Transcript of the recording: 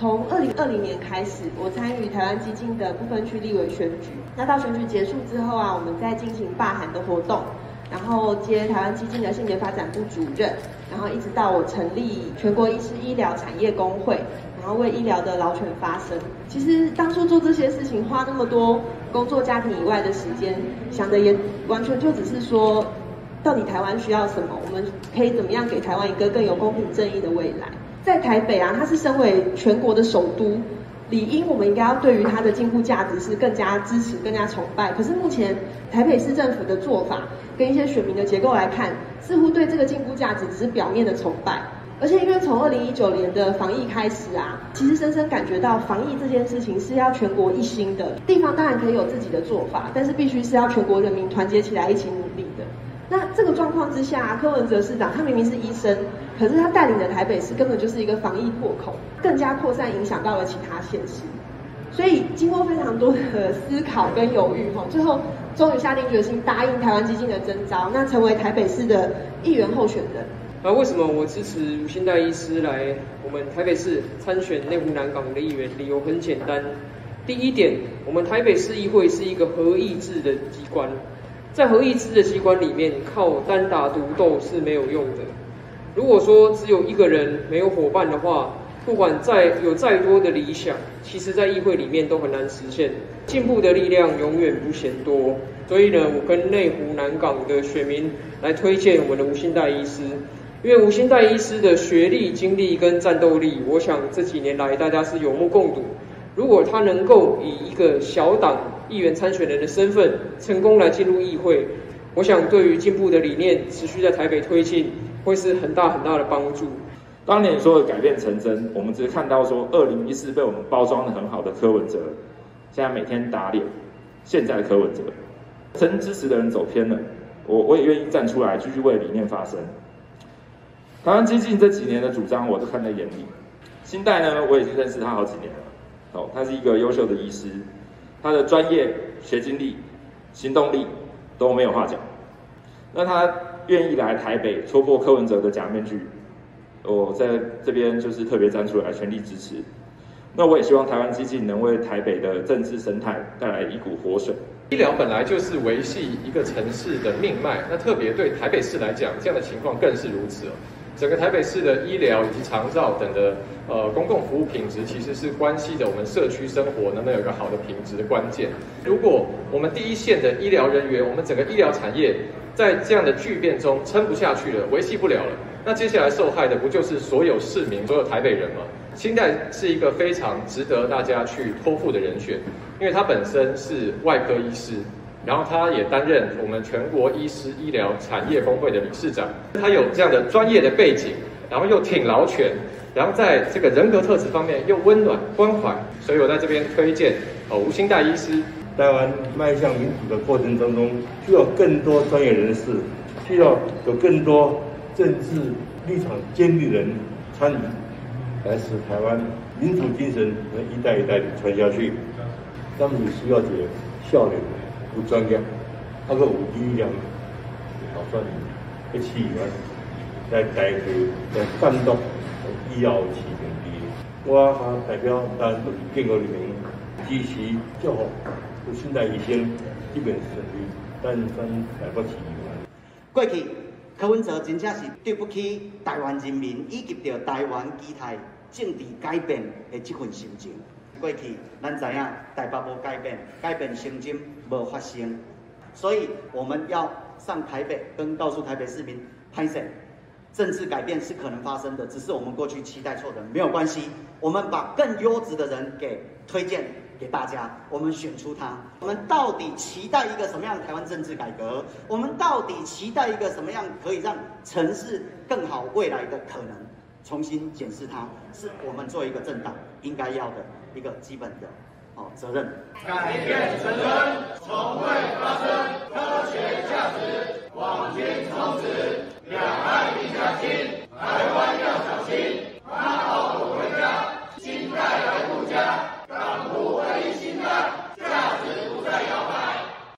從二零二零年開始，我參與台灣基進的不分區立委選舉。那到選舉結束之後啊，我們再進行罷韓的活動，然後接台灣基進的性別發展部主任，然後一直到我成立全國醫師醫療產業工會，然後為醫療的勞權發聲。其實當初做這些事情，花那麼多工作家庭以外的時間，想的也完全就只是說，到底台灣需要什麼？我們可以怎麼樣給台灣一個更有公平正義的未來？在台北啊，它是身為全國的首都，理應我們應該要對於它的進步價值是更加支持、更加崇拜。可是目前台北市政府的做法跟一些選民的結構來看，似乎對這個進步價值只是表面的崇拜。而且因為從二零一九年的防疫開始啊，其實深深感覺到防疫這件事情是要全國一心的，地方當然可以有自己的做法，但是必須是要全國人民團結起來一起努力。那這個狀況之下，柯文哲市長他明明是醫生，可是他帶領的台北市根本就是一個防疫破口，更加擴散影響到了其他縣市。所以經過非常多的思考跟猶豫，吼，最後終於下定決心答應台灣基進的徵召，那成為台北市的議員候選人。那為什麼我支持欣岱醫師來我們台北市參選內湖、南港的議員？理由很簡單，第一點，我們台北市議會是一個合議制的機關。在合議制的機關裡面，靠單打獨鬥是沒有用的。如果說只有一個人沒有伙伴的話，不管再有再多的理想，其實在議會裡面都很難實現。進步的力量永遠不嫌多，所以呢，我跟內湖南港的選民來推薦我們的吳欣岱醫師，因為吳欣岱醫師的學歷、經歷跟戰鬥力，我想這幾年來大家是有目共睹。如果他能夠以一個小黨議員參選人的身份成功來進入議會，我想對於進步的理念持續在台北推進，會是很大很大的幫助。當年說的改變成真，我們只是看到說二零一四被我們包裝的很好的柯文哲，現在每天打臉。現在的柯文哲，曾支持的人走偏了，我我也願意站出來繼續為理念發聲。台灣基進這幾年的主張我都看在眼裡，欣岱呢，我已經認識他好幾年了。好，哦，他是一個優秀的醫師，他的專業、學經歷、行動力都沒有話講。那他願意來台北戳破柯文哲的假面具，我在這邊就是特別站出來全力支持。那我也希望台灣基進能為台北的政治生態帶來一股活水。醫療本來就是維繫一個城市的命脈，那特別對台北市來講，這樣的情況更是如此哦。整個臺北市的醫療以及長照等的呃公共服務品質，其實是關係着我們社區生活，能不能有一個好的品質的關鍵。如果我們第一線的醫療人員，我們整個醫療產業在這樣的巨變中撐不下去了，維繫不了了，那接下來受害的不就是所有市民、所有台北人嗎？欣岱是一個非常值得大家去托付的人選，因為他本身是外科醫師。然後他也擔任我們全國醫師醫療產業峰會的理事長，他有這樣的專業的背景，然後又挺勞權，然後在這個人格特質方面又溫暖關懷，所以我在這邊推薦哦吳欣岱醫師。台灣邁向民主的過程當中，中，需要更多專業人士，需要有更多政治立場堅定人參與，來使台灣民主精神能一代一代的傳下去。當你需要點笑臉。有專業，還有有醫療，好專業。一起啊，在台北在監督醫療水平的。我代表大陸各界人民支持祝福，吳欣岱醫師，基本水平，但算來不及。過去，柯文哲真正是對不起台灣人民，以及着台灣期待政治改變的這份心情。過去，咱知影台北無改變，改變心情，沒有發生，所以我們要上台北，跟告訴台北市民，拍謝，政治改變是可能發生的，只是我們過去期待錯的，沒有關係。我們把更優質的人給推薦給大家，我們選出他。我們到底期待一個什麼樣的台灣政治改革？我們到底期待一個什麼樣可以讓城市更好未來的可能？重新檢視它，是我們做一個政黨應該要的一個基本的。哦、責任，改變成真從未發生。科學價值，網軍充值，兩岸一家親，台灣。